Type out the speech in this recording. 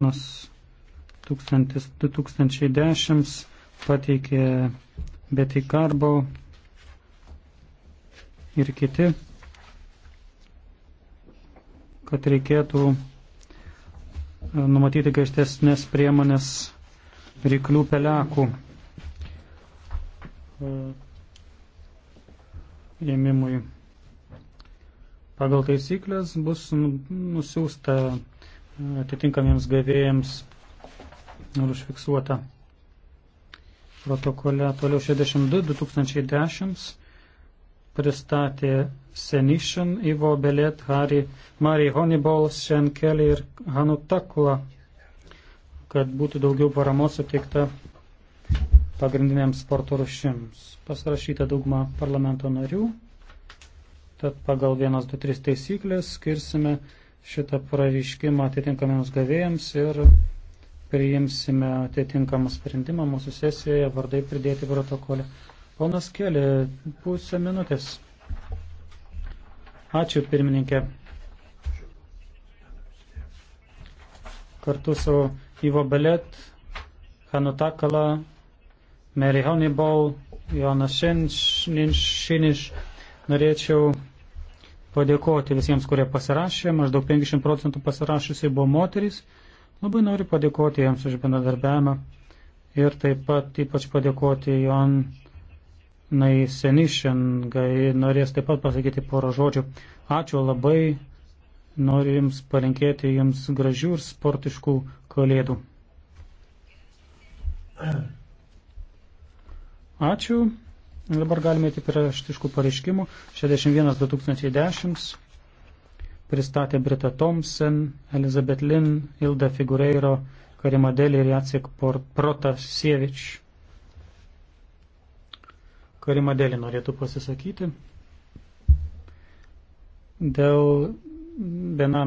2010 pateikė Betty Karbau ir kiti, kad reikėtų e, numatyti griežtesnės priemonės ryklių pelekų e, ėmimui. Pagal taisyklės bus nu, nusiųsta atitinkamiems gavėjams ir užfiksuota protokole. Toliau 62 2010 pristatė Senishin, Ivo Belet, Harry, Mari Honeyball, Shen Kelly ir Hanu Takula, kad būtų daugiau paramos suteikta pagrindiniams sporto rušims. Pasirašyta dauguma parlamento narių, tad pagal 1-2-3 taisyklės skirsime šitą prareiškimą atitinkamiems gavėjams ir priimsime atitinkamą sprendimą mūsų sesijoje vardai pridėti protokolę. Ponas Kelė, pusę minutės. Ačiū pirmininkė. Kartu su Ivo Belet, Hanutakala, Mary Honeyball, Jonas Šiniš, norėčiau padėkoti visiems, kurie pasirašė. Maždaug 50 procentų pasirašusiai buvo moterys. Labai noriu padėkoti jiems už bendradarbiavimą ir taip pat ypač padėkoti Jon Nai Senishin, kai norės taip pat pasakyti porą žodžių. Ačiū labai, noriu Jums palinkėti Jums gražių ir sportiškų kalėdų. Ačiū. Dabar galime tik raštiškų pareiškimų. 61-2010 pristatė Brita Thompson, Elizabeth Lynn, Ilda Figureiro, Karimadelį ir Jacek Protasievič. Karimadelį norėtų pasisakyti dėl benam.